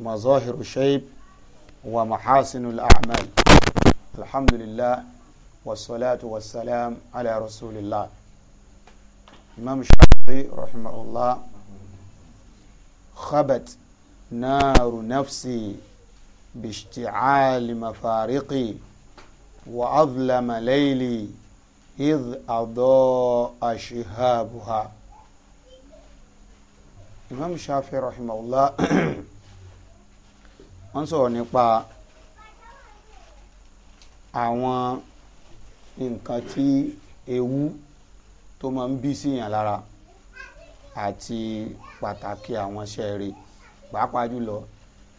مظاهر الشيب ومحاسن الأعمال الحمد لله والصلاة والسلام على رسول الله إمام الشافعي رحمه الله خبت نار نفسي باشتعال مفارقي وأظلم ليلي إذ أضاء شهابها imam shafi rahimahullah wọ́n sọ̀rọ̀ nípa àwọn nǹkan tí ewu tó máa ń bí síyàn lára àti pàtàkì àwọn iṣẹ́ rẹ̀ pàápàá jùlọ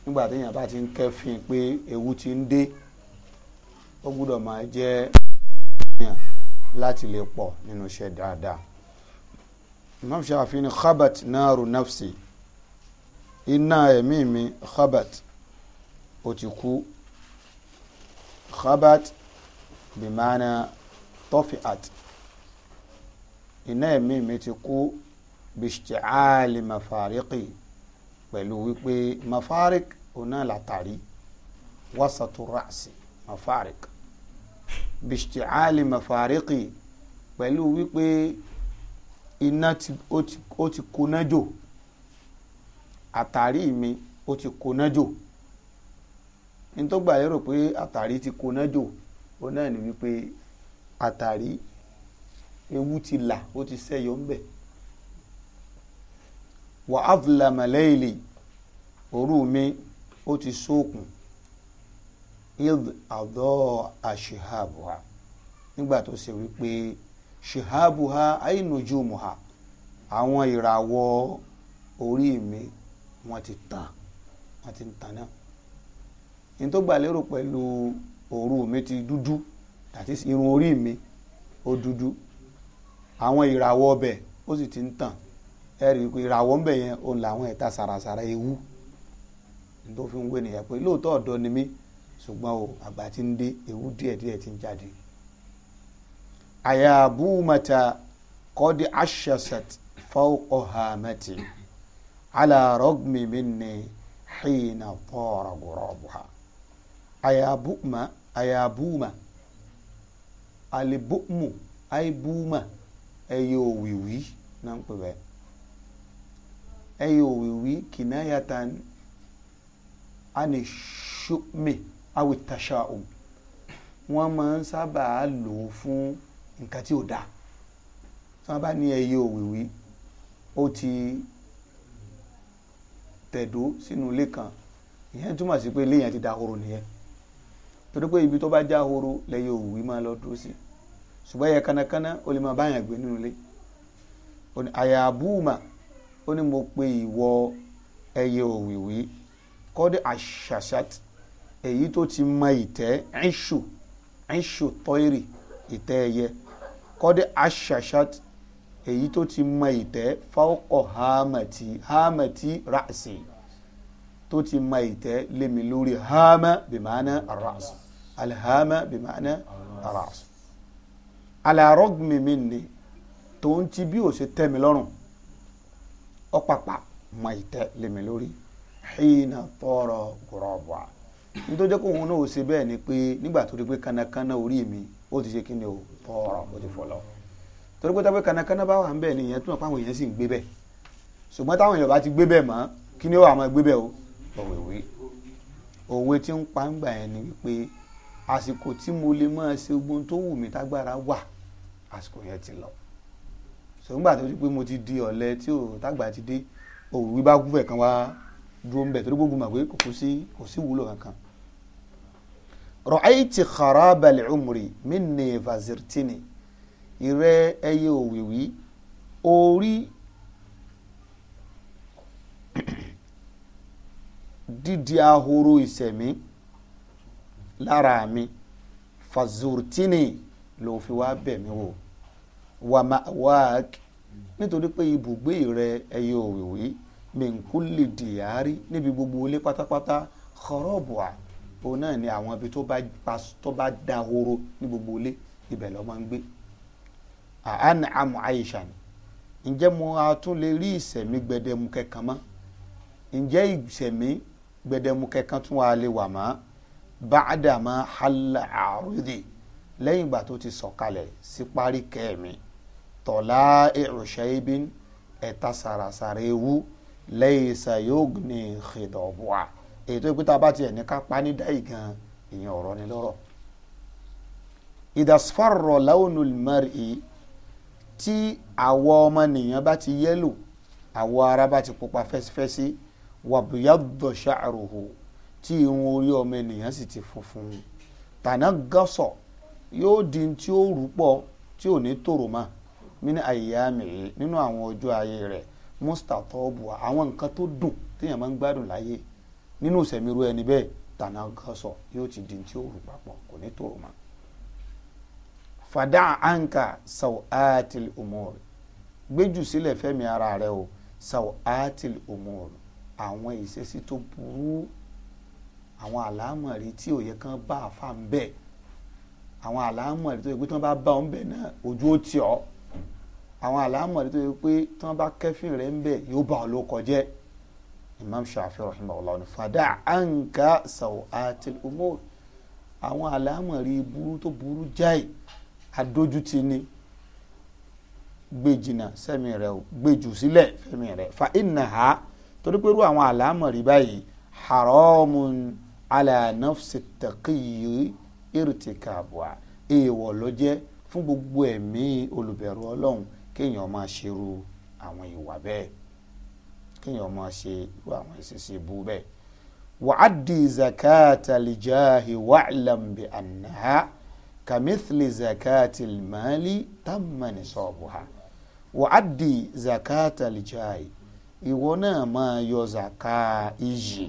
nígbà téèyàn bá ti ń kẹ́fìn pé ewu ti ń dé ó gbúdọ̀ máa jẹ́ láti lè pọ̀ nínú iṣẹ́ dáadáa imam shafi ni khabat naaru nafsi iná ẹ̀mí mi khabat ó ti kú khabat bimana tofiat iná ẹ̀mí mi ti kú bishti'ali mafariki pẹ̀lú wípé mafarik ọ̀nà látàrí wasatu ra'si mafarik bishti'ali mafariki pẹ̀lú wípé iná ó ti koná jò àtàrí mi ó ti koná jò ní tó gbà lérò pé àtàrí ti koná jò ó náà ní wípé àtàrí ewu ti là ó ti sẹ́yọ ń wà á fìlà màlẹ́ìlì òru mi ó ti sókun id àdó àṣehàbùhà nígbà tó ṣe wípé ṣìhábùhá àìnùjùmùhá àwọn ìràwọ̀ orí mi wọ́n ti tàn wọ́n ti tàn náà ní tó gbà lérò pẹ̀lú òru mi ti dúdú àti irun orí mi ó dúdú àwọn ìràwọ̀ ọbẹ̀ ó sì ti ń tàn ẹ rí i pé ìràwọ̀ ń bẹ̀ yẹn òun làwọn ẹ̀ta sàràsàrà ewu ní tó fi ń wé nìyẹn pé lóòótọ́ ọ̀dọ́ ni mí ṣùgbọ́n o àgbà ti ń dé ewu díẹ̀díẹ̀ ti ń jáde ayabumata kọ́dí ashasat fawqo hamati ala rogmi minni xiina toora guroobuha ayabuma ayabuma alibumu aibuma ẹyẹ òwìwí náà ń pè bẹ́ẹ̀ ẹyẹ òwìwí kìnnáyàtàn anishumi awitasha'um wọ́n máa ń sábàá lò fún nǹkan tí ò dáa tí wọ́n bá ní ẹyẹ òwìwí ó ti tẹ̀dó sínú ilé kan ìyẹn túmọ̀ sí pé ilé yẹn ti dahoro nìyẹn torí pé ibi tó bá jáhoro lẹyẹ òwìwí máa lọ dúró sí ṣùgbọ́n ẹyẹ kanakana ó lè máa báyàn gbé nínú ilé àyàbùmà ó ní mo pe ìwọ ẹyẹ òwìwí kọ́dé àṣàṣàt èyí tó ti mọ ìtẹ́ ẹ̀ṣù ẹ̀ṣù tọ́ìrì ìtẹ́ ẹyẹ kọ́dé aṣàṣàt èyí tó ti mọ ìtẹ́ fáwọ́kọ̀ hámàtí hámàtí ràṣì tó ti mọ ìtẹ́ lémi lórí hámà bìmánà ràṣì alhámà bìmánà ràṣì. alárọ́gbìn mi ni tó ń ti bí ó ṣe tẹ́ mi lọ́rùn ọ̀pàpà mọ ìtẹ́ lémi lórí hìnà tọrọ gùrọ̀bà nítorí jẹ́ kó òun náà ṣe bẹ́ẹ̀ ni pé nígbà tó rí pé kánakáná orí mi ó ti ṣe kí ni o tọrọ ó ti fọ lọ torí pé táwọn kanakana bá wà ń bẹ̀ nìyẹn tó náà pàwọn èèyàn sì ń gbé bẹ̀ ṣùgbọ́n táwọn èèyàn bá ti gbé bẹ̀ mọ́ kí ni ó wà máa gbé bẹ̀ o òwèwé òwe tí ń pa ń gbà yẹn ni wípé àsìkò tí mo lè máa ṣe ogun tó wù mí tágbára wà àsìkò yẹn ti lọ sọgbà tó ti pé mo ti di ọ̀lẹ tí ò tágbà ti dé òwúwí bá kúfẹ̀ kan wá dúró ń bẹ̀ torí gbogbo mà kò sí wúlò kankan rọ̀ẹ́tì kharabali umri minni fazirtini ìrẹ́ ẹyẹ òwìwí orí dídi ahoro ìsẹ̀mí lára mi fazurtini ló fi wá bẹ̀ mí wò wàmà wáàkì nítorí pé ibùgbé rẹ ẹyẹ òwìwí mìkúlì dìyàrí níbi gbogbo ilé pátápátá kọ̀rọ̀bùà òun náà ni àwọn ibi tó bá tó bá da horo ní gbogbo ilé ibẹ̀ ló máa ń gbé àánà àmọ́ àyíṣà ni ǹjẹ́ mo tún lè rí ìsẹ̀mí gbẹdẹmukẹ kan mọ́ ǹjẹ́ ìsẹ̀mí gbẹdẹmukẹ kan tún wà lè wà mọ́ bàdàmọ́ hàlà àrùdì lẹ́yìn ìgbà tó ti sọ̀kalẹ̀ sí parí kẹ́ẹ̀mí tọ̀lá ìrùṣẹ́ ibi ẹ̀ta sàràsàrà ewu lẹ́yìn sàyóògùn ní èyí tó pé tá a bá tiẹ̀ ní ká pa ní dáì gan ìyẹn ọ̀rọ̀ ni lọ́rọ̀ ìdàsfàrọ̀ launul mar'i tí àwọ̀ ọmọnìyàn bá ti yẹ́lò àwọ̀ ara bá ti pupa fẹ́sífẹ́sí wàbíyàbọ̀ ṣàròhò tí irun orí ọmọ ènìyàn sì ti funfun tànà gọ́sọ̀ yóò di tí ó rú pọ̀ tí ò ní tòrò mọ́ mí ní nínú àwọn ọjọ́ ayé rẹ̀ mustatọ́bù àwọn nǹkan tó dùn téèyàn máa ń gbádùn láyé nínú ìsẹ̀mìrú ẹni bẹ́ẹ̀ tànà gọ́sọ̀ yóò ti di tí ó rù papọ̀ kò ní tòrò mọ́. fàdá àǹkà sàw áàtìl òmòrì gbéjù sílẹ̀ fẹ́mi ara rẹ o sàw áàtìl òmòrì àwọn ìṣesí tó burú àwọn àlámọ̀rí tí ó yẹ bá àfa ń bẹ̀ àwọn àlámọ̀rí tó yẹ pé tí wọ́n bá bá ń bẹ̀ náà ojú ó tì ọ́ àwọn àlámọ̀rí tó yẹ pé tí wọ́n bá kẹ́fìn rẹ̀ ń bẹ̀ yóò bá ọ ló kọjẹ́ imam shafi rahimahullah ni fada anka sawatil umur àwọn àlámọ̀rí burú tó burú jáì adójútì ni gbé jìnnà sẹ́mi rẹ̀ o gbé jù sílẹ̀ fẹ́mi rẹ̀ fa inna ha torí pé irú àwọn àlámọ̀rí báyìí haramun ala nafsi taqiyi irtikabuwa èèwọ̀ ló jẹ́ fún gbogbo ẹ̀mí olùbẹ̀rù ọlọ́run kéèyàn máa ṣerú àwọn ìwà bẹ́ẹ̀ kéèyàn máa ṣe irú àwọn ìṣesí ibú bẹ́ẹ̀ wa'addi zakata lijahi wa'lam bi annaha kamithli zakati almali tamma nisabuha wa'addi zakata lijahi ìwọ náà máa yọ zaka iyì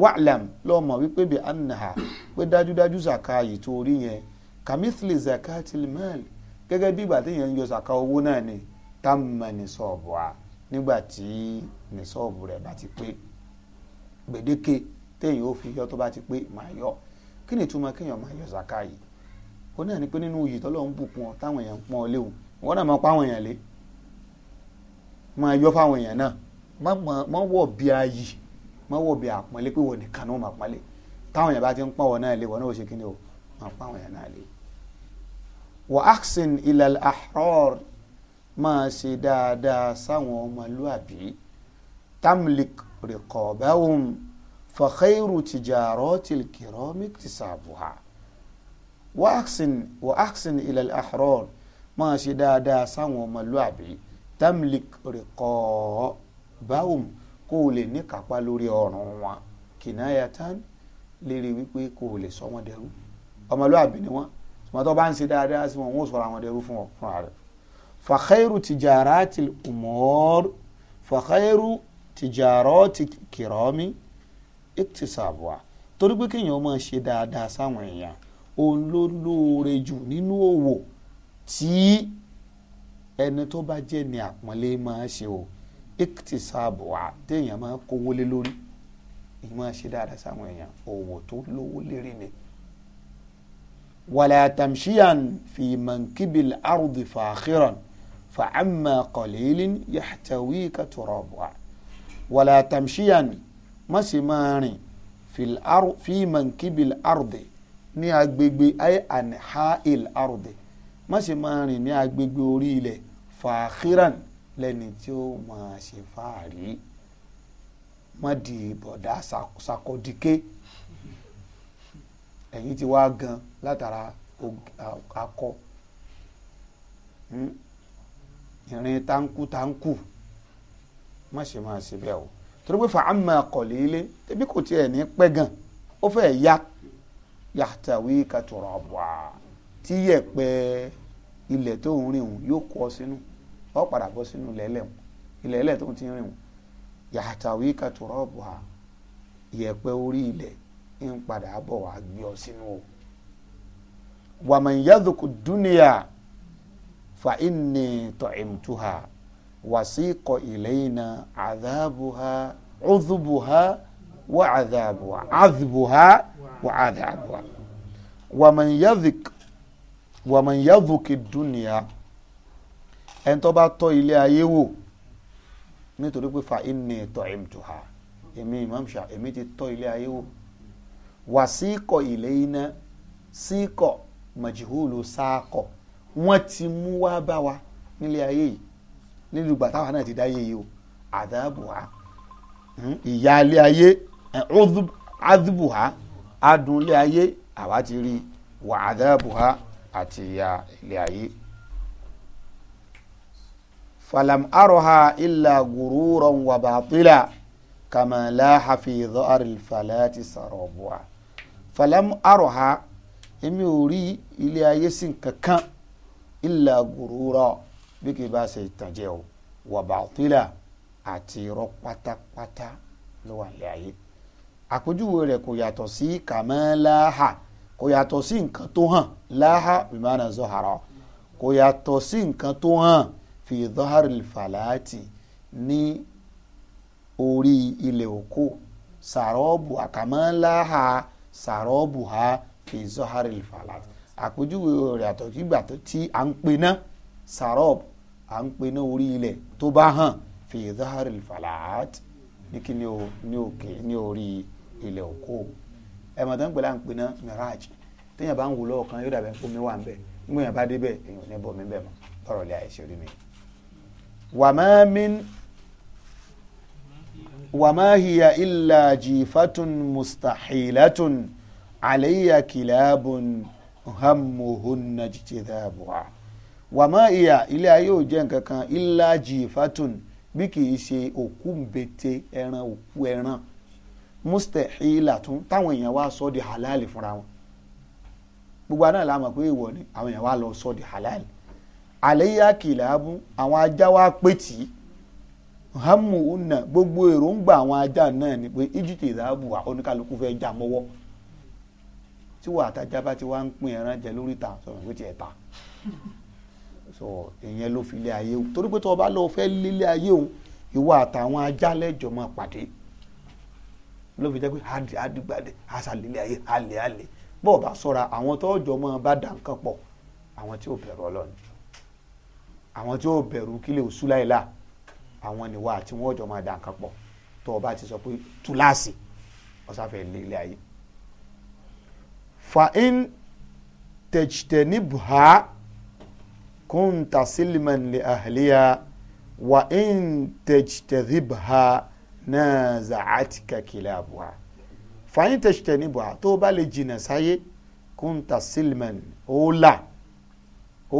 wa'lam lọ́mọ wípé bi annaha pé dájúdájú zaka yìí tó rí yẹn kamithli zakati almali gẹ́gẹ́ bí ìgbà téèyàn ń yọ zaka owó náà ni tamma nisabuha nígbà tí nìṣọ́ọ̀bù rẹ̀ bá ti pé gbèdéke téèyàn ó fi yọ tó bá ti pé máa yọ kí ni ìtumọ̀ kéèyàn máa yọ zaka yìí ó náà ní pé nínú òyì tọ́lọ́ ń bùkún ọ táwọn èèyàn ń pọ́n ọ léwu ìwọ náà máa pa àwọn èèyàn lé máa yọ fáwọn èèyàn náà má wọ̀ bí ayì má wọ̀ bí àpọ́nlé pé wọ́n nìkan náà máa pọ́nlé táwọn èèyàn bá ti ń pọ́n ọ náà lé wọ́n náà ó ṣe kí ni o máa pa àwọn èèyàn náà lé. wa ahsin ilal ahrar máa ṣe dáadáa sáwọn ọmọlúàbí tamlik rìkọ̀bẹ́hùn fàkẹ́rù tìjàrọ́ tìlkìrọ́ mìtìsàbùhà wa aksin ilẹ̀ àhọ́rọ́ máa ṣe dáadáa sáwọn ọmọlúàbí tamlik rìkọ̀bẹ́hùn kó o lè ní kápá lórí ọ̀ràn wọn kìnnáyàtán lérí wípé kó o lè sọ wọn dẹrú ọmọlúàbí ni wọn tòmọ́tò bá ń ṣe dáadáa sí wọn wọn ò sọ̀rọ̀ àwọn dẹrú fún ọ fúnra rẹ̀ fàkàìrù tìjàràtì umur fàkàìrù tìjàràtì kìrọ́mì ìtìsàbùà torí pé kéèyàn máa ṣe dáadáa sáwọn èèyàn òun ló lóore jù nínú òwò tí ẹni tó bá jẹ́ ní àpọ́nlé máa ṣe o ìtìsàbùà téèyàn máa kówó lé lórí ìmọ̀ ṣe dáadáa sáwọn èèyàn òwò tó lówó lérí ni wala tamshiyan fi mankibil ardi fakhiran فعما قليل يحتويك ترابا ولا تمشيا ما سماني في الأرض في منكب الأرض ní agbègbè ayé anha il arde má ṣe máa rìn ní agbègbè orí ilẹ̀ fàáhíràn lẹ́ni tí ó máa ṣe fàárí má bọ̀dá sakọdike ẹ̀yìn ti wá gan látara akọ. Hmm? ìrìn tankútankù má ṣe máa ṣe bẹ́ẹ̀ o torí pé fàámà kọ̀lé ilé tẹ́bí kò gan ó ya yàtàwé kàtúrọ̀ wá tí yẹ̀pẹ̀ ilẹ̀ tó ń rìn òun yóò kọ́ ilẹ̀ ilẹ̀ tó ń ti rìn òun orí o dúnìyà. fa inni ta'imtuha wasiqo ilayna adhabuha udhubuha wa adhabuha adhubuha wa adhabuha waman yadhik waman yadhuki dunya ẹni tó bá tọ́ ilé ayé wò nítorí pé fa inni ta'imtuha èmi imam sha èmi ti tọ́ ilé ayé wò wasiqo ilayna síkọ̀ majhulu sáàkọ̀ wọ́n ti mú wá bá wa nílé ayé yìí nílùú ìgbà táwa náà ti dáyé yìí o àdábùhá hmm? ìyá ilé ayé àdùbùhá eh, adùn ilé ayé àwa ti rí wà àdábùhá àti ìyá ilé ayé. falam aroha illa gururan wa batila kama laaha fi dhaari falati sarobuha falam aroha èmi ò rí ilé ayé sí nǹkan kan illa gurura bí kì í bá ṣe ìtànjẹ o wà bàtílà àti irọ́ pátápátá ló wà nílé ayé àpèjúwe rẹ̀ kò yàtọ̀ sí kàmẹ́láhà kò yàtọ̀ sí nǹkan tó hàn láhà bimana zọ́hara kò yàtọ̀ sí nǹkan tó hàn fi zọ́hárì fàlàtì ní orí ilẹ̀ òkú sàrọ́ọ̀bù àkàmẹ́láhà sàrọ́ọ̀bù ha fi zọ́hárì fàlàtì àpèjúwe rẹ̀ àtọ̀kígbà tí à ń pe ná sarab à ń pe ná orí ilẹ̀ tó bá hàn fi zaharil falaat ní kí ni o ní òkè ní orí ilẹ̀ òkú ẹ mọ̀ tó ń pè lá ń pe ná mirage téèyàn bá ń wò lọ́wọ́ kan yóò dàbẹ̀ fún mi wà ń bẹ̀ nígbà yẹn bá débẹ̀ èèyàn ní bọ̀ mí bẹ̀ mọ́ tọrọ lé àìsí orí mi. wàmá min wàmá hiya mustahilatun alayya kilabun. hammuhunna jitidhabuha wàmọ́ ìyà ilé ayé ò jẹ́ nǹkan kan ilá jìfàtún bí kì í ṣe òkú mbete ẹran òkú ẹran mustahila tún táwọn èèyàn wá sọ di halal fúnra wọn gbogbo àná la mọ̀ pé ìwọ ni àwọn èèyàn wá lọ sọ di halal àléyà kìláàbù àwọn ajá wa pé tì í hamu una gbogbo èròǹgbà àwọn ajá náà ni pé ijiti ìdáàbò oníkàlùkù fẹ́ jà mọ́wọ́ tí wà àtajà bá ti wá ń pín ẹran jẹ lórí ta sọ̀rọ̀ pé tiẹ̀ ta so ìyẹn ló fi lé ayé o torí pé tó o bá lọ fẹ́ lílé ayé o ìwọ àtàwọn ajá lẹ́jọ́ máa pàdé ló fi jẹ́ pé àdì àdìgbàdì àṣàlélé ayé àlè àlè bọ́ọ̀ bá sọ́ra àwọn tó jọ máa bá dà nǹkan pọ̀ àwọn tí ò bẹ̀rù ọlọ́run àwọn tí ò bẹ̀rù kílẹ̀ òṣù láìla àwọn nìwà àti wọn jọ máa dà nǹkan pọ̀ tó o bá ti sọ pé túláàsì ọ̀sáfẹ́ lílé ayé fa'in tẹ̀jtẹ̀nibha kunta silman li ahliya wa in tẹ̀jtẹ̀nibha náà za'atika kilabuha fa'in tẹ̀jtẹ̀nibha tó bá lè jìnnà sáyé kunta silman ó là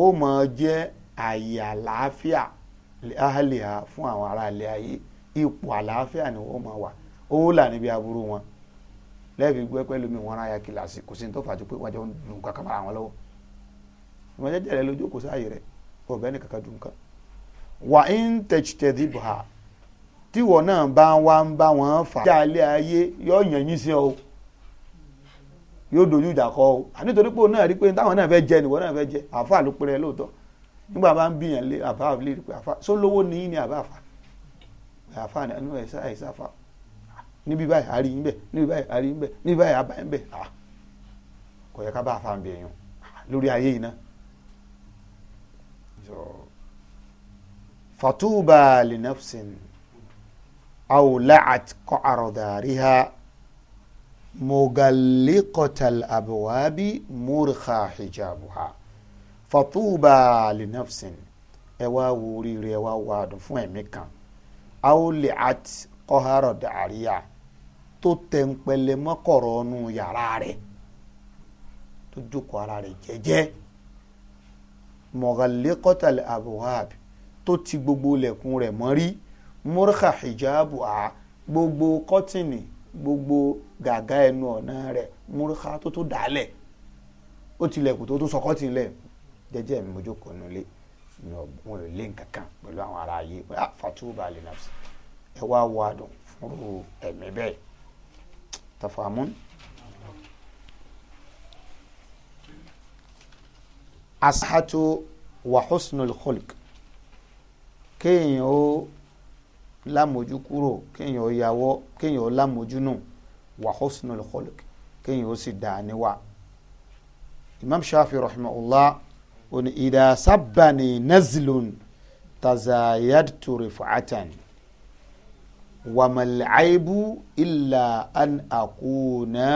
ó máa jẹ́ àyè li ahliya fún àwọn ará ilé ayé ipò àlàáfíà ni ó máa wà ó là níbi aburú wọn lẹ́ẹ̀fi gbé pẹ́ lómi wọn ráyà kíláàsì kò sí ní tó fàájú pé wọ́n jọ ń lu kankan mara wọn lọ́wọ́ ìmọ̀jẹ́ jẹ̀rẹ̀ lójú kò sáàyè rẹ̀ ọ̀bẹ ní kankan dùn kan. wà á ń tẹ̀tẹ̀ dìbò ha tíwọ̀ náà bá wá ń bá wọn fà. ìjà ilé ayé yóò yàn yín sí ọ yóò dojú ìjà kọ ọ nítorí pé òun náà rí pé táwọn náà fẹ́ jẹ nìwọ náà fẹ́ jẹ àfa ló pèrè níbi báyìí àárí yín bẹ̀ níbi báyìí àárí yín bẹ̀ níbi báyìí àbá yín bẹ̀ à ah, kò yẹ ká bá a fa àǹbẹ̀ yẹn ah, lórí ayé yìí náà. fatuba linafsin aw la'at qa'ra dariha mugalliqatal abwabi murkha hijabuha fatuba linafsin ẹ wá wo oríire ẹ fún ẹ̀mí kan aw la'at qahara dariya tó tẹ̀ǹpẹ̀lẹ̀ mọ́kọ̀rọ̀ ọ̀nù yàrá rẹ̀ tó jókòó ara rẹ̀ jẹ́jẹ́ mọ̀gàlékọ́tàlẹ̀ abuhab tó ti gbogbo lẹ̀kùn rẹ̀ mọ́rí mọ́rùkà hijabu a gbogbo kọ́tìnì gbogbo gàgá ẹnu ọ̀nà rẹ̀ mọ́rùkà tó tó dálẹ̀ ó tilẹ̀kùn tó tó sọ kọ́tìnì lẹ̀ jẹ́jẹ́ mi mo jókòó nulẹ̀ mi ò lé nǹkan pẹ̀lú àwọn ará ayé pé ah fatuhu baali nafsi ẹ wá wá dùn fúnrú ẹ̀mí bẹ́ẹ̀. تفهمون asahatu wa husnul khulq kéèyàn ó lámojú kúrò kéèyàn ó yàwọ́ kéèyàn ó lámojú nù wa husnul khulq kéèyàn ó sì dà níwà imam shafi rahimahullah oni idà sábàní nazlun tazayadtu rifatan wàmàlẹ̀ àìbù ìlà an àkúnà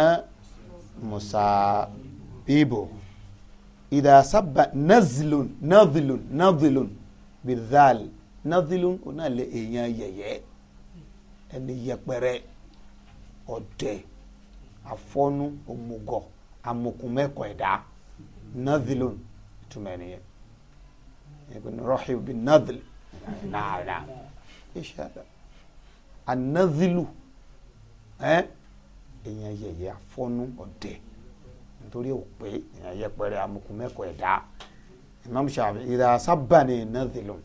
musabibo ìdá sábà nazilun nazilun nazilun bizal nazilun ọ̀nà lè èèyàn yẹ̀yẹ́ ẹni yẹpẹrẹ ọ̀dẹ̀ afọ́nú òmùgọ̀ amukumẹ́kọ̀ ẹ̀dá nazilun ìtumọ̀ ẹ̀ nìyẹn ẹ̀gbìn rọ́ọ̀hìn bin nazil náà náà inshallah anazilu ẹ èèyàn yẹyẹ afọnú ọdẹ nítorí òpè èèyàn yẹpẹrẹ amukú mẹkọ ẹdá Imam Shafi ìdá sábàánì nazilu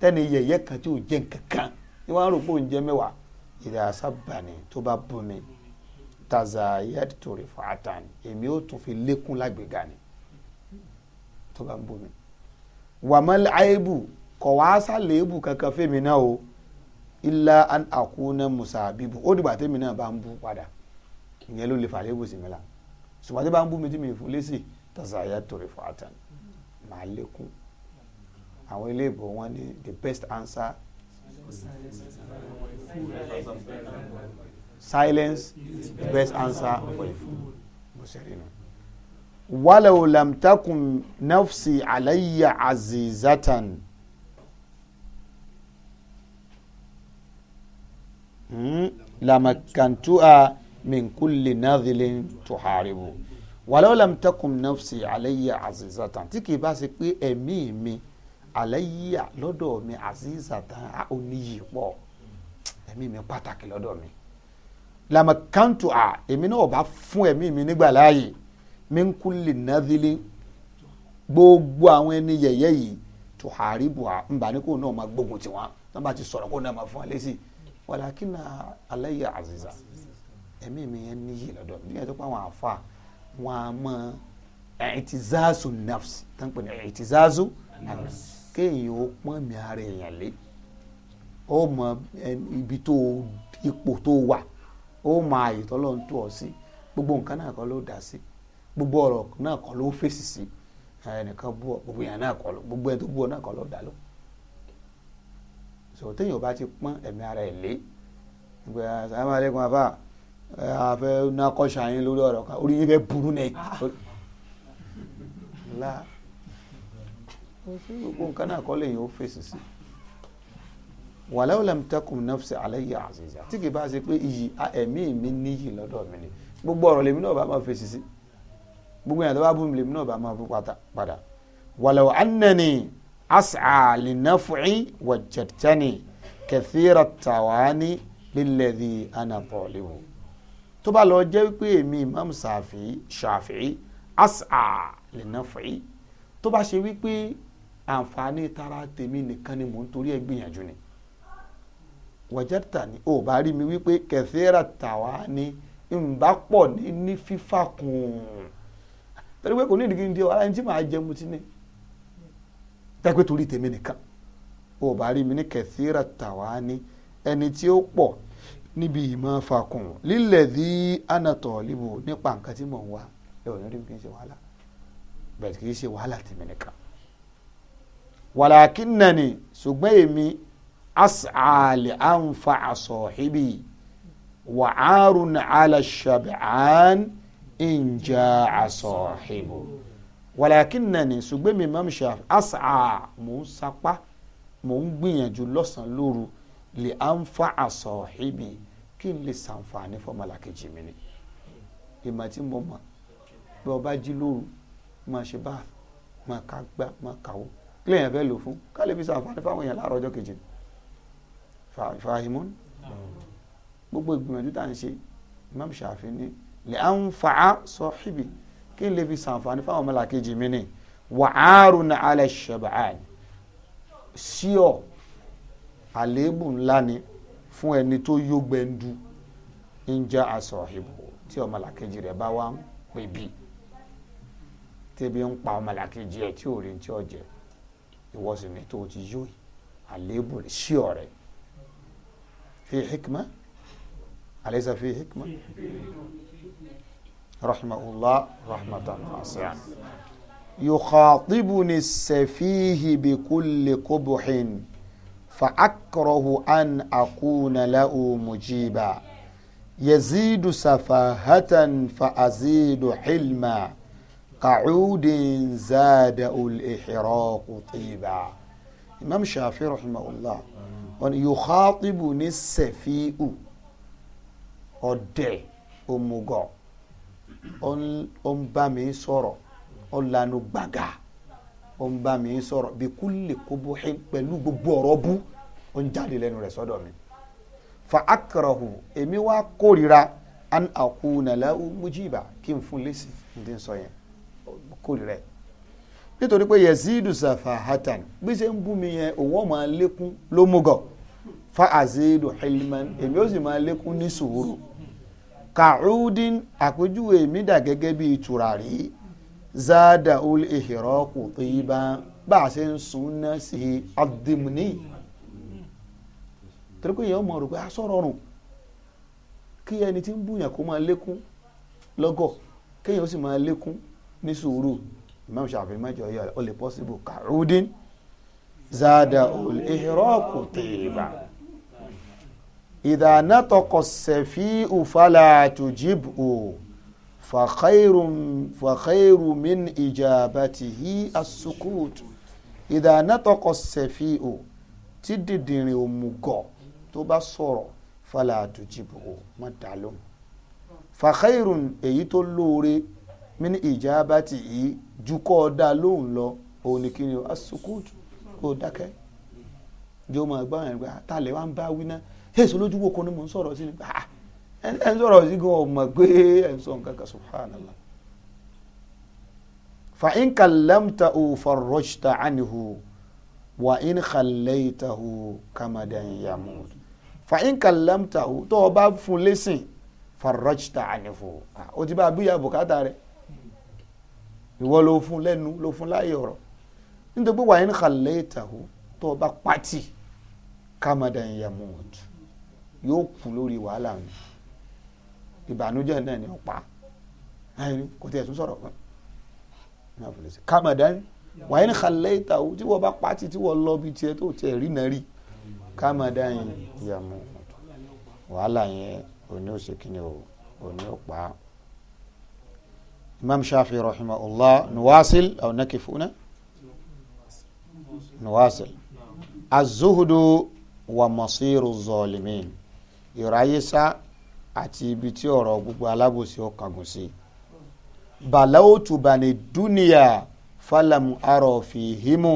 tẹni yẹyẹ kan tí ò jẹ kankan ìwà rògbò ń jẹ mẹwàá ìdá sábàánì tó bá bomi taza yẹdi torí fàátà ni èmi ó tún fi lékún lágbègà ni tó bá bomi wàmẹ́lẹ́ ayébù kọ̀ wá kankan fẹ́mi náà o ilá àkúnná musabibu ó dìgbà tẹ́mi náà bá ń bú padà ìyẹn ló lè fà lébù sí mi la ṣùgbọ́n tí bá ń bú mi tí mi fún lésì tàṣàyà torí fún àtàn màá lékún àwọn ilé ìbò wọn ní the best answer silence the best answer for a fool mo ṣe rí nu. walaw lam takun nafsi alayya azizatan. Hmm? lamakantua min kulli nadhilin tuharibu walaw lam takun nafsi alayya azizatan tí kì í bá ṣe pé ẹ̀mí mi alayya lọ́dọ̀ mi azizatan oníyì pọ̀ ẹ̀mí mi pàtàkì lọ́dọ̀ mi lamakantua èmi náà bá fún ẹ̀mí mi nígbà láàyè min kulli nadhilin gbogbo àwọn ẹni yẹ̀yẹ́ yìí tuharibu nbà ní kò náà máa gbógun tiwọn náà bá ti sọ̀rọ̀ kó náà máa fún wa lésì wàlákínà aláyé àzìzà ẹ̀mí mi yẹn níyì lọ́dọ̀ mi níyàtọ̀ pé àwọn àfa wọn a mọ ẹ̀ẹ́tìzáàzù nafs tán pè ní ẹ̀ẹ́tìzáàzù nafs kéèyàn ó pọ́n mi ara èèyàn lé ó mọ ibi tó ipò tó wà ó mọ àyè tó lọ́n tó ọ sí gbogbo nǹkan náà kọ́ ló dá sí gbogbo ọ̀rọ̀ náà kọ́ ló fèsì sí ẹnìkan bú ọ gbogbo yẹn náà kọ́ ló gbogbo ẹ̀ tó bú ọ náà kọ́ ló dá lọ so téèyàn bá ti pọ́n ẹ̀mí ara ẹ̀ lé ìgbà assalamu alaikum àfà àfẹ́ nakọ́ṣà yín lórí ọ̀rọ̀ kan orí yín fẹ́ burú nẹ̀ la gbogbo nǹkan náà kọ́ lẹ́yìn ó fèsì sí wàláwò lam takùn nafsi aláyé àzìzà tí kì bá ṣe pé iyì ẹ̀mí mi níyì lọ́dọ̀ mi ni gbogbo ọ̀rọ̀ lèmi náà bá máa fèsì sí gbogbo ìyàtọ̀ bá bú mi lèmi náà bá máa as'a linaf'i wajjadtani kathira tawani lilladhi ana talibu tó bá lọ jẹ́ pé èmi imam ṣàfì ṣàfì as'a linaf'i tó bá ṣe wípé àǹfààní tara tèmi nìkan ni mò ń torí ẹ gbìyànjú ni wajjadtani ò bá rí mi wípé kathira tawani nba pọ̀ ní ní fífà kùn torí pé kò ní ìdíkì ní di ọ ara ẹni tí màá jẹ mu ti ní tẹ́pẹ́ torí tèmi nìkan ò bá rí mi ní kẹ̀síra tàwa ní ẹni tí ó pọ̀ níbi ìmọ̀ fakùn lílẹ̀ dí anatọ̀ libo nípa nǹkan tí mò ń wá ẹ ò ní rí mi kì í ṣe wàhálà bẹ́ẹ̀ kì í ṣe wàhálà tèmi nìkan. wàlàkì nàní ṣùgbọ́n èmi asàlì ànfà àsọ̀híbì wà áàrùn àlà ṣàbíàn ìjà àsọ̀híbù walakinnani ṣùgbọ́n mi Imam Shafi'i as'a mò ń sapá mò ń gbìyànjú lọ́sàn-án lóru li anfa'a sahibi kí n lè ṣàǹfààní fọmọlá kejì mi ni ìmọ̀ tí mo mọ̀ bí ọba jí lóru máa ṣe bá máa ká gbá máa kàwó kílẹ̀ yẹn fẹ́ lò fún ká lè fi ṣàǹfààní fáwọn èèyàn láàárọ̀ ọjọ́ kejì fahimun gbogbo ìgbìyànjú tá à ń ṣe Imam Shafi'i ni li anfa'a sahibi kí n lè fi sànfàní fáwọn ọmọlàkejì mi ni wàhálù ní alẹ́ ṣẹ̀bàán síọ̀ àléébù ńlá ni fún ẹni tó yógbẹ́ndu ń jẹ́ aṣọ ìbò tí ọmọlàkejì rẹ̀ bá wá ń pè bí tẹ́bi ń pa ọmọlàkejì ẹ̀ tí ò rí tí ò jẹ́ ìwọ sì ni tó ti yó àléébù rẹ̀ síọ̀ rẹ̀ fi hikma alaysa fi hikma rahimahullah rahmatan wasi'a yukhatibuni safihi bi kulli qubhin fa akrahu an akuna lahu mujiba yazidu safahatan fa azidu hilma ka'ud zada al-ihraq tiba imam shafi rahimahullah wọn yukhatibu ní sẹ̀fíù ọ̀dẹ̀ òmùgọ̀ ó ń bá mi sọ̀rọ̀ ó lanu gbàgà ó ń bá mi sọ̀rọ̀ bí kúlè kóbó pẹ̀lú gbogbo ọ̀rọ̀ bú ó ń jáde lẹ́nu rẹ̀ sọ́dọ̀ mi. fa akarahu èmi wá kórira an àkúnalá mujiba kí n fún lẹ́sì ndí sọ yẹn kórira ẹ̀ nítorí pé yazidu safahatan bí ṣe ń bú mi yẹn òun máa lékún fa azidu èmi ó sì máa kàrúdín àpèjúwe mi dà gẹ́gẹ́ bí tùràrí zada ul ihiro kò tó yí bá bá a ṣe ń sun náà sí abdulmuni torí pé èèyàn mọ̀ rò pé a sọ̀rọ̀ rùn kí ẹni tí ń bùyàn kó máa lékún lọ́gọ̀ kéèyàn ó sì máa lékún ní sùúrù Imam Shafi'i mẹ́jọ yọ ọ lè possible kàrúdín zada ul ihiro kò tó ìdáná tọkọ sẹ̀fí ufala tujib o fàkàìrù min ìjàbàtìhí asukutu ìdáná tọkọ sẹ̀fí o tí dìdìrín òmùgọ̀ tó bá sọ̀rọ̀ fala tujib o má dá lóhùn fàkàìrù èyí tó lóore min ìjàbàtì yìí ju kọ́ ọ lọ òun ni kí ni asukutu kó dákẹ́ jọ́ mọ̀ ẹ̀gbọ́n gbà tá wá ń bá wí náà èso lójú wo kan ni mò ń sọ̀rọ̀ sí ni ah, ah. ẹ ń sọ̀rọ̀ sí gan ọmọ gbé ẹ ń sọ nǹkan kan subhanallah fa in kallamta o farrojta anhu wa in khallaytahu kamadan yamud fa in o tó o bá fún lẹ́sìn farrojta anhu ah, o ti bá a bí ya bùkátà rẹ̀ ìwọ ló fún lẹ́nu ló fún láàyè ọ̀rọ̀ nítorí pé wa in khallaytahu tó o bá pàtì kamadan yóò kú lórí wàhálà mi ìbànújẹ́ náà ni ọ̀pá kò tiẹ̀ tún sọ̀rọ̀ kan kàmàdán wàá ní xalẹ́ ìta o tí wọ́n bá pàtì tí wọ́n lọ bí tiẹ̀ tó tiẹ̀ rí nàrí kàmàdán ìyàmú wàhálà yẹn òní ò ṣe kíni o òní ò pa. imam shafi rahimahullah nuwasil aw nakifuna nuwasil azuhudu wa masiru zolimin ìráyésá àti ibi tí ọ̀rọ̀ gbogbo alábòsí ọkàgùn sí. bàláwòtú bani dúnìyà falam arọ̀fì himu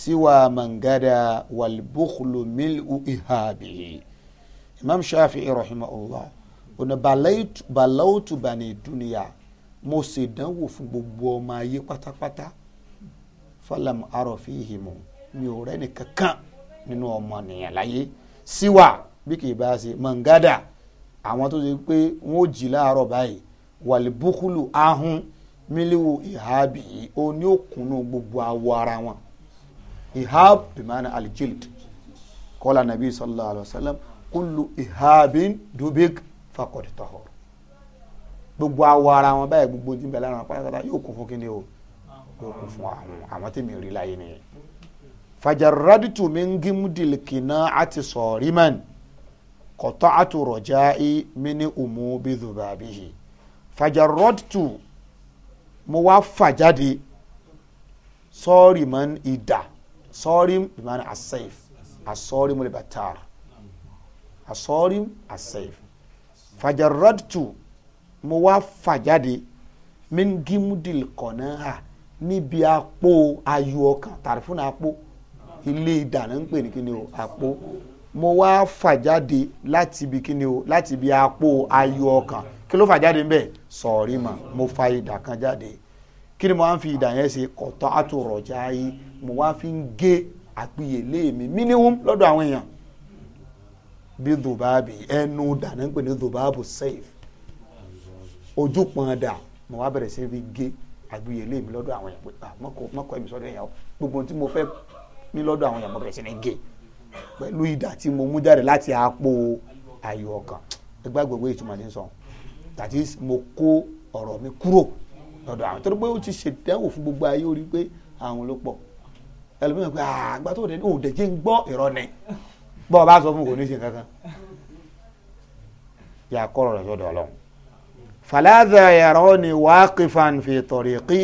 siwa mangada walbukhlu milu ihabihi. imam shafi'i rahimahullah ọ̀nà bàláwòtú bani dúnìyà mo ṣèdánwò fún gbogbo ọmọ ayé pátápátá falam arọ̀fì himu mi ò rẹ́ni kankan nínú ọmọ nìyẹn láyé siwa bí kì í bá ṣe mọ̀ngádà àwọn tó ṣe pé wọ́n ò jí láàárọ̀ báyìí wàlíbúkúlù ahun mílíwò ìhábì yìí ó ní òkùnú gbogbo awọ ara wọn ìháb bìmánà aljild kọ́lá nàbí sallallahu alayhi wa sallam kúlù ìhábìn dubik fakọ̀dìtọ̀họ̀ gbogbo awọ ara wọn báyìí gbogbo ti ń bẹ lára wọn pátápátá yóò kún fún kíni o yóò kún fún àwọn àwọn tí rí láyé nìyẹn fajaraditu mi ń gímúdìlì kìnnà àti sọ̀rímẹ́ni قطعت رجائي من أموب ذبابه فجردت موفى جدي صاري من إدا صارم بمعنى السيف الصارم البتار الصارم السيف فجردت موفى جدي من جمد القناعة níbi àpò ayò ọkàn tàrífún àpò ilé ìdáná ń pè ní kíni o àpò mo wá fà jáde láti ibi kíni o láti ibi àpò ayọ̀ ọkàn kí ló fà jáde ńbẹ sọ̀rí mà mo fa ìdà kan jáde kí ni mo wá ń fi ìdà yẹn ṣe kọ̀tọ́ àtòrọ̀jà yìí mo wá fi ń gé àpìyèlé mi minimum lọ́dọ̀ àwọn èèyàn bí dùbàbì ẹnu dàní pé ní dùbàbù safe ojú pọn dà mo wá bẹ̀rẹ̀ sí fi gé àpìyèlé mi lọ́dọ̀ àwọn èèyàn pé ah, mọ́kọ ẹ̀mí sọ́dọ̀ èèyàn gbogbo tí mo fẹ́ ní lọ́dọ̀ àwọn èèyàn mo bẹ̀rẹ̀ sí ní gé pẹ̀lú ìdá tí mo mú jáde láti àpò ayọ̀ ọkàn ẹgbẹ́ gbogbo ìtumọ̀ ní sọ that is mo kó ọ̀rọ̀ mi kúrò lọ́dọ̀ àwọn torí pé ó ti ṣèdánwò fún gbogbo ayé ó pé àwọn ló pọ̀ ẹlòmíràn pé àgbà tó dẹni òde jẹ́ ń gbọ́ ìrọ̀ bọ́ ọ bá sọ fún kò ṣe kankan yà kọ́rọ̀ rẹ̀ sọ́dọ̀ ọlọ́run fàlàdà yàrá ni waqifan fi tariqi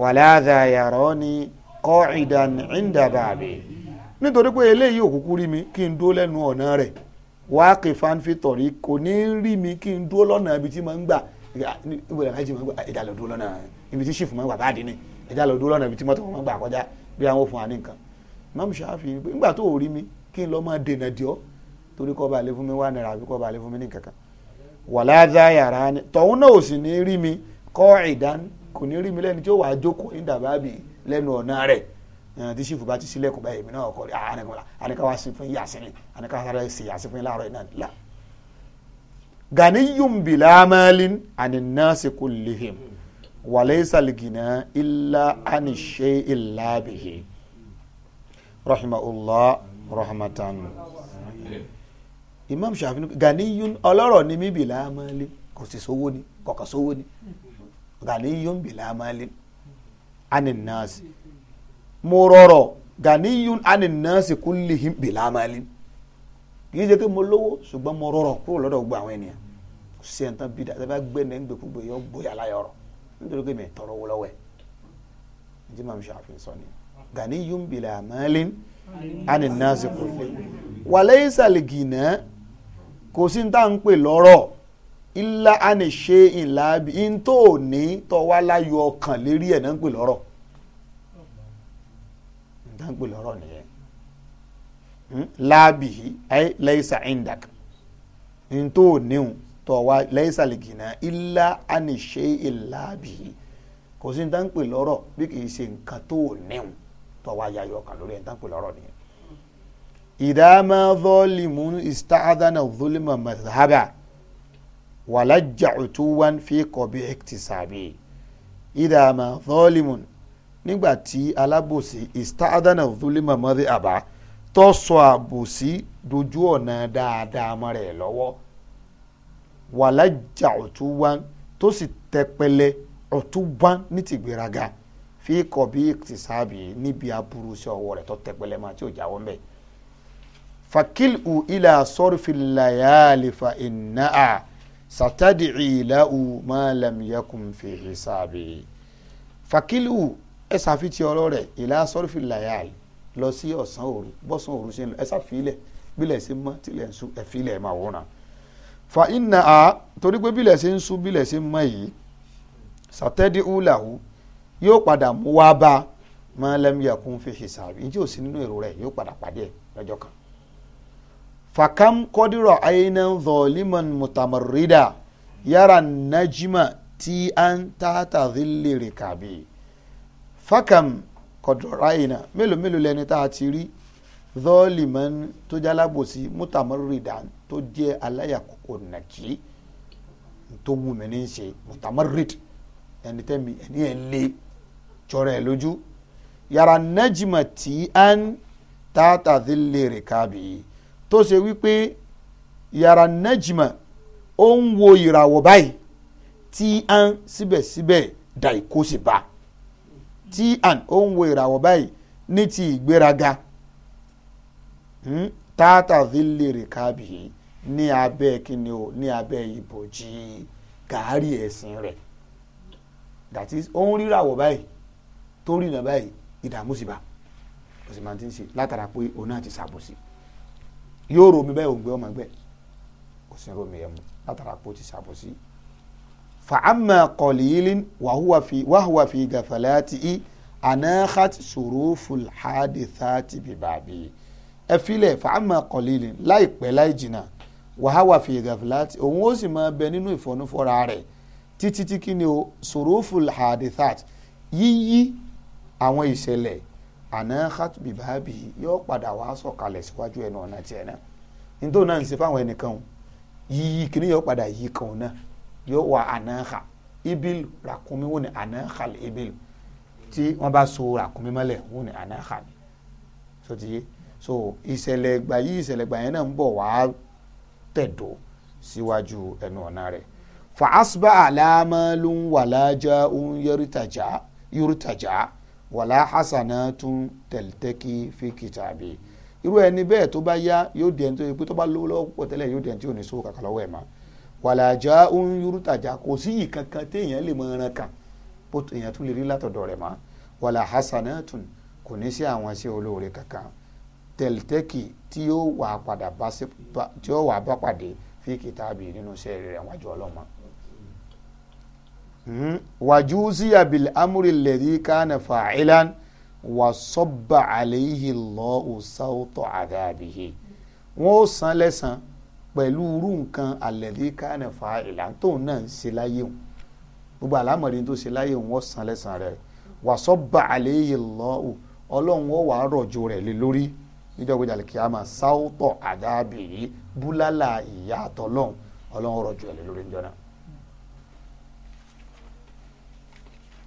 wàlàdà yàrá ni qa'idan inda babi. nítorí pé eléyìí òkùnkùn rí mi kí n dúró lẹ́nu ọ̀nà rẹ̀ wá kí fanfi tọ̀rí kò ní rí mi kí n dúró lọ́nà ibi tí mo ń gbà ibo lẹ́ka jì mo ń gbà ẹ̀dá lọ lọ́nà ibi tí ṣìfù mo ń gbà báàdì ni lọ́nà ibi tí àwọn pé mi kí n lọ́ máa ni tọ̀hún náà ò sì ní rí mi mi lẹ́ni tí ó wàá jókòó Eh, tí sífù bá ti sílẹ̀ kó báyìí èmi náà kọ́ rí ah, àníkà wá sí fún yíyà sílẹ̀ àníkà wá sí yà sí fún yín láàárọ̀ iná nílá. ganiyun bilamalin aninasi kullihim walaysal gina illa anishe illa bihi rahimahullah rahmatan. imam shafi ganiyun ọlọ́rọ̀ ni mí bilamalin kò sì sówó ni kọ̀ọ̀kan sówó ni ganiyun bilamalin aninasi. mo rọrọ̀ ganiyun aninasi kullihim ṣe pé mo lówó ṣùgbọ́n mo kúrò lọ́dọ̀ gbogbo àwọn ènìyàn kò sí bí dáadáa bá gbé ní yọ gbóyà nítorí pé mi tọrọ ǹjẹ́ màmú ṣàfihàn sọ ni ganiyun aninasi kò sí ní ń pè lọ́rọ̀ ilá àni ṣe ìlàbí tọ́wá láyọ̀ ọkàn lérí ẹ̀ náà ń pè dáńgbè lọ́rọ̀ nìyẹn hmm? láàbì yìí ayé lẹ́yìísà indak ntó níwò tó wá lẹ́yìísà lè gìnà ilá àníṣe ìlàbì yìí kò sí dáńgbè lọ́rọ̀ bí kì í ṣe nǹkan tó níwò tó wá yayọ kan lórí ẹ̀ dáńgbè lọ́rọ̀ nìyẹn. ìdáàmà zọ́ọ̀lìmù ìstáàdánà zọ́ọ̀lìmù mazhaba wàlájà òtúwàn fi kọ̀ bí ẹ̀ktísàbí ìdáàmà zọ́ọ̀lìmù nígbà tí alábòsí istadana zulima mọ́dé àbá tó sọ àbòsí dojú ọ̀nà dáadáa mọ́ rẹ̀ lọ́wọ́ wàlájà ọ̀tún wá tó sì tẹpẹlẹ ọ̀tún wá ní tìgbéraga fi kọ̀ bí tìsáàbì níbi aburú sí ọwọ́ rẹ̀ tó tẹpẹlẹ máa tí ò jáwọ́ mbẹ́ fakil u ilà sọ́rfin layali iná a satadi ìlà u malam yakun fi hisabi fakil u ẹ ṣàfitì ọ̀rọ̀ rẹ̀ ìlà sọ́rífì làyàl lọ sí ọ̀sán òru bọ́sán òru ṣe ń lọ ẹ ṣàfilẹ̀ bílẹ̀ ṣe mọ́ tilẹ̀ ń sùn ẹ filẹ̀ máa wọ́n náà. fa iná a torí pé bílẹ̀ ṣe ń sùn bílẹ̀ ṣe mọ́ yìí sàtẹ́dí ùlàwù yóò padà mú wá bá máa lẹ́mìyà kún fi ṣèṣàbí ní tí ò nínú èrò rẹ̀ yóò padà pàdé ẹ̀ lọ́jọ́ kan. fakam kọ́dírọ̀ àyínà zọ̀ọ́límọ̀n mùtàmọ̀rídà yàrá nájímà tí à ń tààtà zílè rè kàbíyì fakam kọ̀dọ̀rá ìnà mélòó mélòó lẹni tá a ti rí zọ́ọ̀lìmọ́n tó jẹ́ alábòsí mutamarridan tó jẹ́ aláyàkókò nàkí tó wù mí ní í ṣe mutamarrid ẹni tẹ́mi ẹni ẹ̀ lé jọrọ ẹ lójú yàrá najima tí a ń tààtà sí lèrè kábì tó ṣe wípé yàrá najima ó ń wo ìràwọ̀ báyìí tí a ń síbẹ̀síbẹ̀ dà ìkó sì bá tí àn ó ń wo ìràwọ̀ báyìí ní ti ìgbéraga tààtà lílè rè kábìyí ní abẹ́ kíni o ní abẹ́ ìbòjì gàárì ẹ̀sìn rẹ̀ that is ó ń ríràwọ̀ báyìí tó rìnà báyìí ìdààmú sì bá kò sì máa ti ń ṣe látara pé òun náà ti ṣàbòsí yóò romi bẹ́ẹ̀ òǹgbẹ́ ọmọ ẹgbẹ́ kò sì romi ẹ̀ mú látara pé ó ti ṣàbòsí فعما قليل وهو في وهو في غفلاته أناخت شروف الحادثات ببابه ẹfilẹ fàámà kọlílì láìpẹ́ láì jìnnà wàháwà fi gàfúláàtì òun ó sì máa bẹ nínú ìfọnúfọra rẹ̀ títí tí kí ni o soroful hadithat yíyí àwọn ìṣẹ̀lẹ̀ àná hatbibabi yóò padà wá sọ̀kalẹ̀ síwájú ẹnu ọ̀nà tiẹ̀ náà nítorí náà ń ṣe fáwọn ẹnìkan yíyí kí ni yóò padà yí kan náà yóò wà ànáhà ibilu ràkúnmí wọn ni ànáhà lè ibilu tí wọn bá so ràkúnmí mọ́lẹ̀ wọn ni ànáhà ni so ti yé so ìṣẹ̀lẹ̀ ẹgbà yìí ìṣẹ̀lẹ̀ ẹgbà yẹn náà ń bọ̀ wá tẹ̀dọ̀ síwájú ẹnu ọ̀nà rẹ̀ fa asba alamalun wàlájà ń yorùtàjà yorùtàjà wàlá hasana tún tẹ̀lítẹ́kì fi kìtàbí irú ẹni bẹ́ẹ̀ tó bá yá yóò di tó yẹ pé tó bá lówó lọ́wọ́ pọ̀ tẹ́lẹ̀ yóò di tí ò ní sówó kàkà lọ́wọ́ ẹ̀ máa wàlàjà òun yorùtàjà kò sí yìí kankan téèyàn lè mọ ẹran kan bó èèyàn tún lè rí látọ̀dọ̀ rẹ̀ mọ́ wàlà hasanatun kò ní sí àwọn sí olóore kankan tẹ̀lítẹ́kì tí yóò wà padà bá tí yóò wà bá pàdé fi kìtàbì nínú iṣẹ́ rẹ̀ wájú ọlọ́mọ. Hmm. wàjú sí abil amúri lẹ́dí kánà fa'ilan wà sọ́ba àlẹ́yìí lọ́ọ́ sawtọ̀ àdàbìyí wọ́n ó san lẹ́sàn-án pẹ̀lú irú nǹkan alẹ́dí kánà fa ìlà tóun náà ń ṣe láyé òun gbogbo àlámọ̀rí tó ṣe láyé òun wọ́n san lẹ́sàn rẹ̀ wàsọ́ bá àléyé lọ́wọ́ ọlọ́run ó wàá rọ̀jò rẹ̀ lé lórí níjọ́gbé jàlè kí a máa sáwùtọ̀ àdáàbì yìí búlálà ìyá àtọ́lọ́hún ọlọ́run rọ̀jò rẹ̀ lé lórí níjọ́ náà.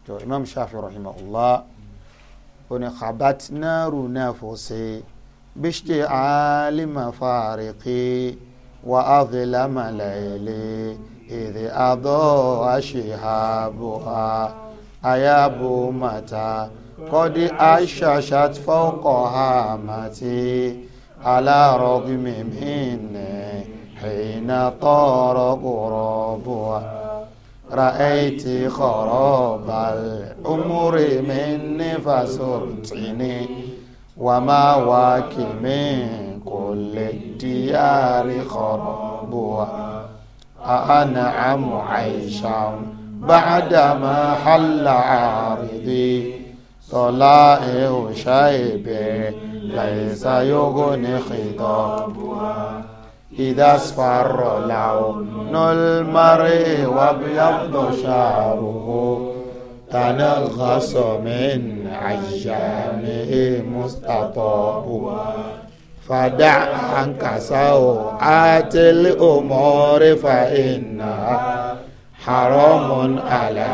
tó imam shafi rahimahullah oní khabat náà rú náà fò ṣe bíṣẹ́ àlìmọ̀ fàárẹ̀kẹ́. وأظلم ليلي إذ أضاء شهابها أيا متى قد أششت فوق هامتي على رغم مني حين طار غرابها رأيت خراب الأمور مني فسرتني وما واكي من كل الديار خرابها أنعم عيشا بعدما حل عارضي طلائع شيب ليس يغني خطابها إذا اصفر لون المرء وابيض شعره تنغص من عيامه مستطابها fàdà àǹkàṣà ò àtẹlẹ́ òmòrè fa iná haramun àlà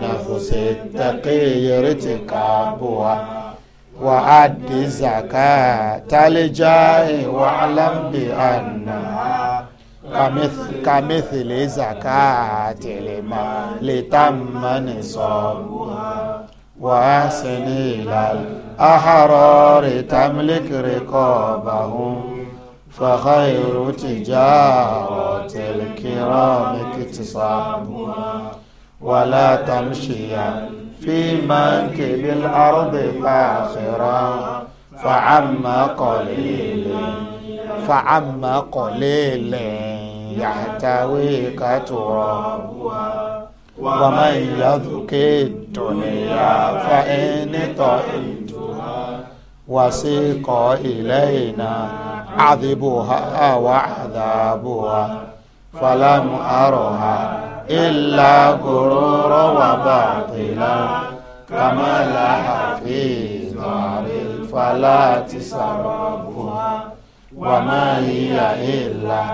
nàfọ̀sẹ̀ tàkìyẹrẹ ti kàbọ̀wá wà á di zaka tálẹ́jà ìwà alámbì àná kàmẹ́tìlẹ́ zaka tẹlẹ́mà lè tàmánì وأحسني إلى الأحرار تملك رقابهم فخير تجارة الكرام اكتصابها ولا تمشيا في منكب الأرض فاخرا فعم قليل فعم قليل يحتويك ترابها ومن يذك الدنيا فإن طئتها وسيق إلينا عذبها وعذابها فلم أرها إلا غرورا وباطلا كما لها في دار الفلاة سرابها وما هي إلا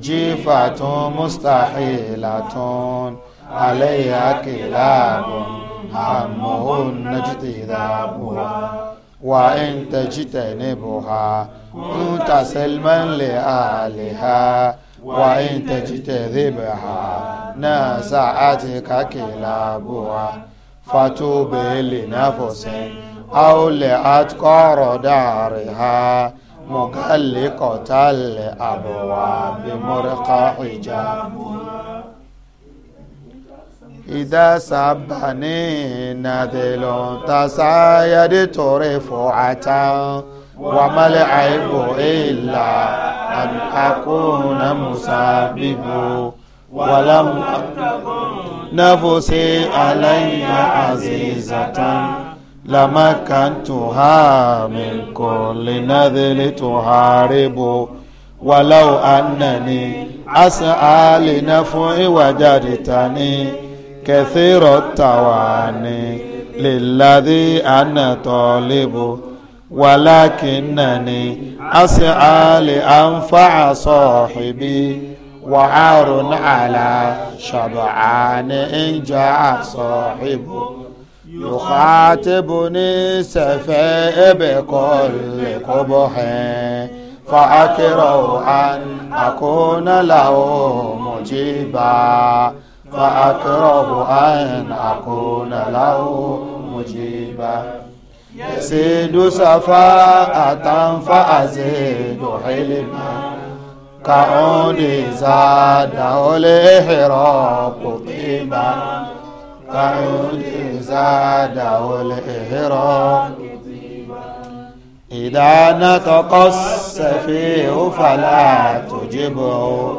جيفة مستحيلة عليها كلاب همهن اجتذابها وإن تجتنبها كنت سلما لآلها وإن تجتذبها نازعتك كلابها فتوب لنفس أو لأتقر دارها مغلقة الأبواب مرقع حجابها إذا سبنينا ذلون تسايد ترفعة وما العيب إلا أن أكون مسبب ولم نفسي علي عزيزة لمكنتها من كل نذل تهارب ولو أنني أسعى لنفع وجدتني كثير التواني للذي أنا طالب ولكنني أسعى لأنفع صاحبي وعار على شبعان إن جاء صاحبه يخاطبني سفاء بكل قبح فأكره أن أكون له مجيبا فأكره أن أكون له مجيبا يزيد سفاءة فأزيد حلما كعود زاده الإحراق قيما زاد زاده الإحراق إذا نطق السفيه فلا تجبه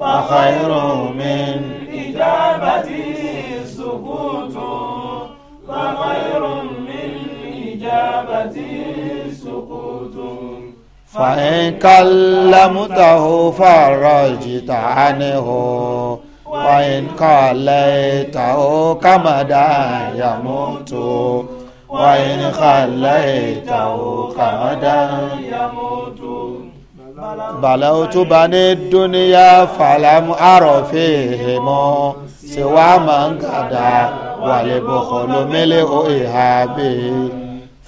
فخير من إجابتي سكوت فخير من إجابتي سكوت فإن كلمته فرجت عنه وإن قليته كمدا يموت وإن خليته كمدا يموت بلوت بني الدنيا فلم أر فيهم سوى من غدا والبخل ملئ إهابي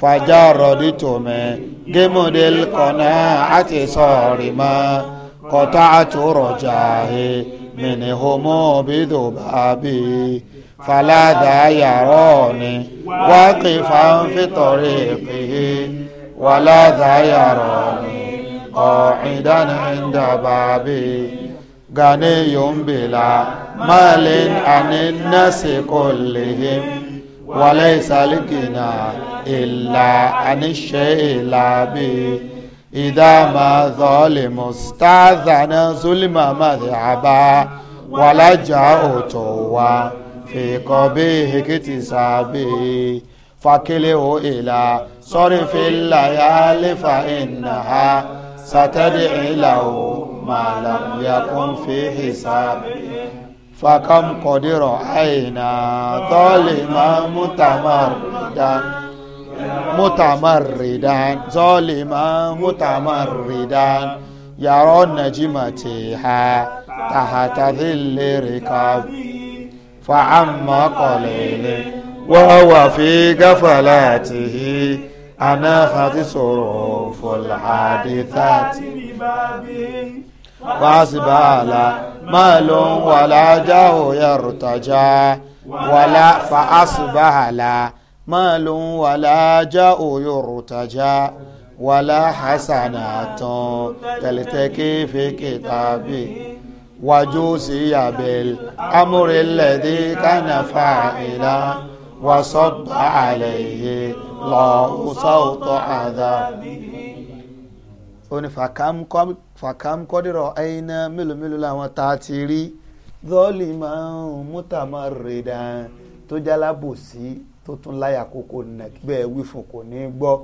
فجردتم جمد القناعة صارما قطعت رجاهي منهم بذبابي فلا ذا يروني واقفا في طريقه ولا ذا يروني قاعدا عند بابي غني بلا مال عن الناس كلهم وليس الغنى إلا عن الشيء لا به إذا ما ظالم استاذن ظلم مذهبا ولجأته في قبيه اكتسابه فكله إلى صرف الليالي فإنها ستدعي له ما لم يكن في حسابه فكم قد رأينا ظالما متمردا متمردا ظالما متمردا يرى نجمتها تحت ظل ركاب فعما قليل وهو في غفلاته أنا خاطس صروف الحادثات ببابي على مال ولا جاه يرتجى ولا فأصب على مال ولا جاه يرتجى ولا حسنات تلتقي في كتابي وجوسي بالأمر الذي كان فاعلا وصب عليه الله صوت عذابه ó ní fàkàm kọ́dírọ̀ ẹ̀yìn mélòó mélòó làwọn tá a ti rí dọ́ọ̀lì máa ń mútàmá rèédà tó jálábòsí tó tún láyà kókó bẹ́ẹ̀ wí fún kò ní gbọ́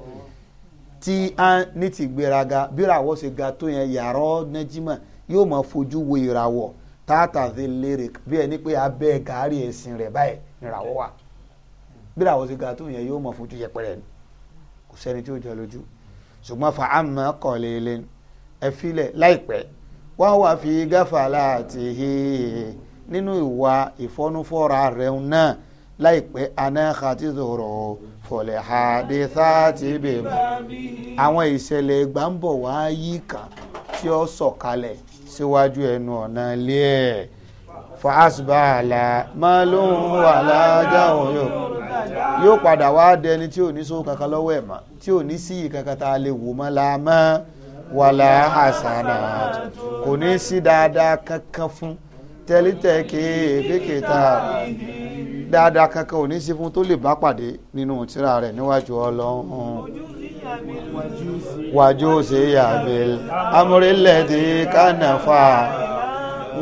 tí a ní ti gbéraga bíra ṣe ga tó yẹn yàrá nẹ́jímà yóò máa fojú wo ìràwọ̀ tààtà the lyric bí ẹni pé abẹ́ gàárì ẹ̀sìn rẹ̀ báyìí ìràwọ̀ wà bí àwọn ti ga tó yẹn yóò mọ̀ fojú yẹpẹrẹ ni kò sẹ́ni tí ó jọ lójú ṣùgbọ́n fa àmọ́ kọ̀ọ̀lẹ́lẹ́ ẹ filẹ̀ láìpẹ́ wọ́n wà fi gáfà láti hi nínú ìwà ìfọ́núfọ́ra rẹ̀ náà láìpẹ́ anáhà ti zòrò fọlẹ̀ ha dé sáàtì bèbà àwọn ìṣẹ̀lẹ̀ ìgbà wá yí kan tí ó sọ̀kalẹ̀ síwájú ẹnu ọ̀nà ilé ẹ̀ fa asibala máa lóhùn wà lájà yóò padà wá dẹni tí ò ní sówó kankan lọ́wọ́ ẹ̀ mọ́ tí ò ní sí ìkankan tá lè wò mọ́ la mọ́ wàlà àsànà kò ní sí dáadáa kankan fún tẹ́lítẹ̀ kéèkéèké tá a dáadáa kankan ò ní sí fún tó lè bá pàdé nínú tírà rẹ̀ níwájú ọlọ́run wàjú sí yàgbé amúrélẹ̀ tí kánà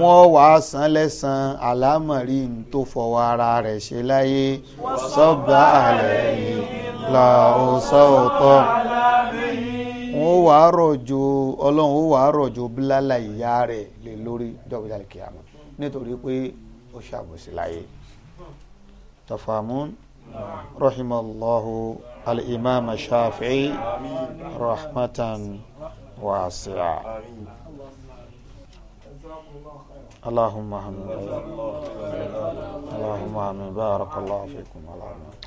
wọ́n wàá san lẹ́san àlámọ̀rí tó fọwọ́ ara rẹ̀ ṣe láyé sọ́gbà àlẹ́ yìí là ó sọ òótọ́ wọ́n wàá rọ̀jò ọlọ́run ó wàá rọ̀jò bílálà ìyá rẹ̀ lé lórí dọ́gbẹ́dàlẹ̀ kìámà nítorí pé ó ṣàbòsí láyé tafamun rahimallahu al shafi'i rahmatan wasi'a. اللهم آمين اللهم آمين بارك الله فيكم اللهم